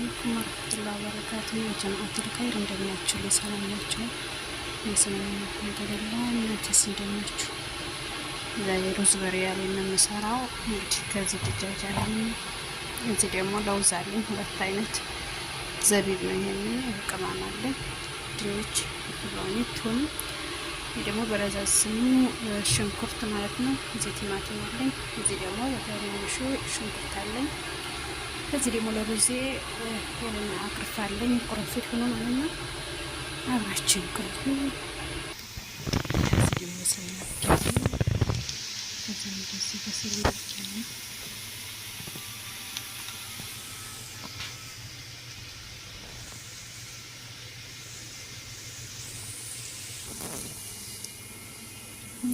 አለይኩም ወረህመቱላሂ ወበረካቱ። የጀማአቱል ኸይር እንደምናችሁ? ለሰላም ናችሁ? የሰላም ነገርላ እናንተስ እንደምናችሁ? ዛሬ ሩዝ በርበሬ ነው እንግዲህ ከዚህ ድጃጅ አለኝ። እዚህ ደግሞ ለውዝ አለኝ፣ ሁለት አይነት ዘቢብ ነው። ይሄንን ቅመም አለኝ፣ ድንች፣ ብሎኒ፣ ቱም ደግሞ በረዛዝሙ ሽንኩርት ማለት ነው። እዚህ ቲማቲም አለኝ። እዚህ ደግሞ በተለይ ሽንኩርት አለኝ እዚህ ደግሞ ለሩዜ አቅርፋለኝ ቁርንፊት ሆኖ ማለት ነው። አብራችን ቅርቡ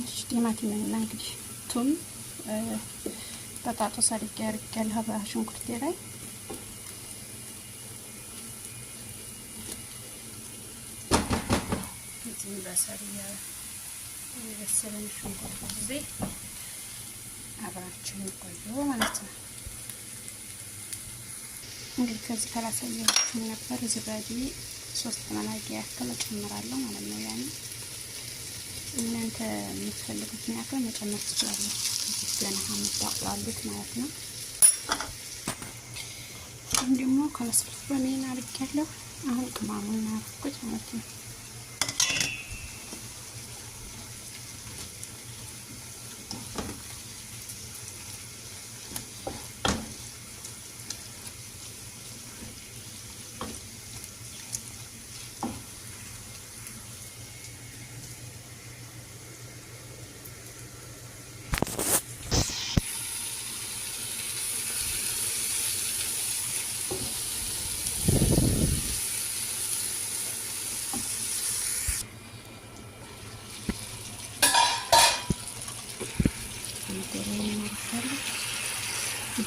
እዚህ ደግሞ እንግዲህ ቱም በጣጦስ አድርጌ አድርጌያለሁ ሀበሻ ላይ እዚህም በሰል የበሰለን ሽንኩርት ጊዜ አብራችሁ ቆዩ ማለት ነው። እንግዲህ ከዚህ ካላሳየችም ነበር ዝባዴ ሶስት መናጊያ ያክል እጨምራለሁ ማለት ነው ያኔ እናንተ የምትፈልጉትን ያክል መጨመር ትችላለች። ገና የምታቁላሉት ማለት ነው። እንዲሁም ደግሞ ከመስፈርት በሜን አድርጌያለሁ። አሁን ቅማሙን አረኩት ማለት ነው።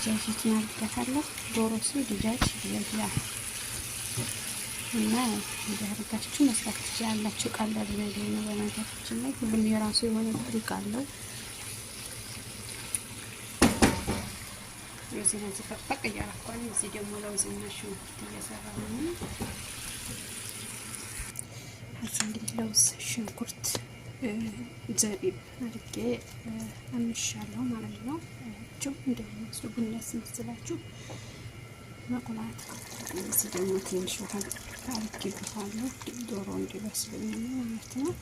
ዲጃጅ እናደርጋታለን። ዶሮ ዲጃጅ ዲጃጅ እና እንዲያደርጋችሁ መስራት ትችላላችሁ። ቀላል ነገር ነው። በነገራችን ላይ ሁሉም የራሱ የሆነ ትሪክ አለው። ሮዝና ዝፈቅፈቅ እያረኳን እዚህ ደግሞ ለውዝና ሽንኩርት እየሰራ ነው። እዚህ ለውዝ ሽንኩርት ዘቢብ አድርጌ አምሻለሁ ማለት ነው። ናቸው። እንዳይነሱ ቡና ስመስላችሁ መቁላት ስ ደግሞ ትንሽ ውሃ ታርጌበታለሁ ዶሮ እንዲበስልኝ ማለት ነው።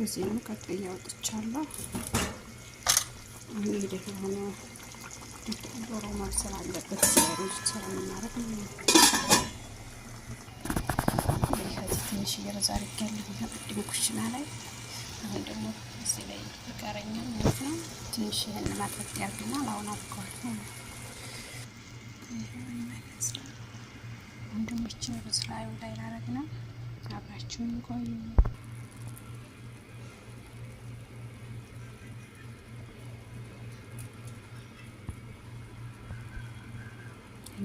ሩዜኑ ቀጥያ አውጥቻለሁ። አሁን ሂደት የሆነ ዶሮ ማብሰል አለበት ሩዝ ስለምናረግ ትንሽ እየረዛ አድርጊያለሁ ቅድም ኩሽና ላይ አሁን ደግሞ እዚህ ላይ ይቀረኛል ማለት ነው። ትንሽ ይህን ማጠጥ ያርግናል። አሁን አብቀዋል ማለት ይመስላል። አሁን ደግሞ ይችን በስላዩ ላይ ላረግ ነው። አብራችሁን ቆዩ።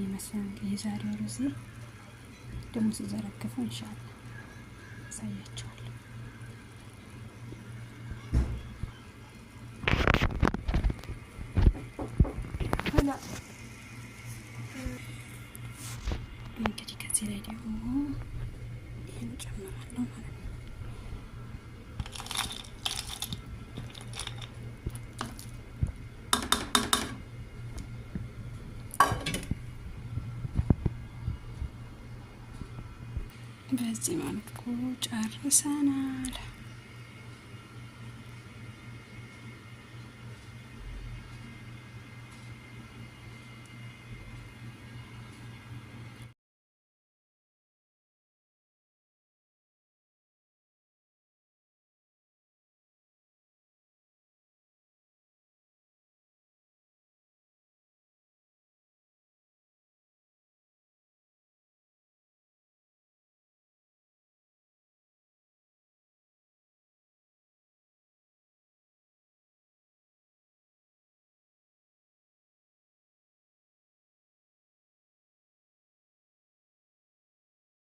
ይመስላል የዛሬው ሩዝ ደግሞ ሲዘረግፈው እንሻላ ያሳያቸዋል። እንግዲህ ከዚህ ላይ ደግሞ ይህን ጨምራለሁ ማለት ነው። በዚህ መልኩ ጨርሰናል።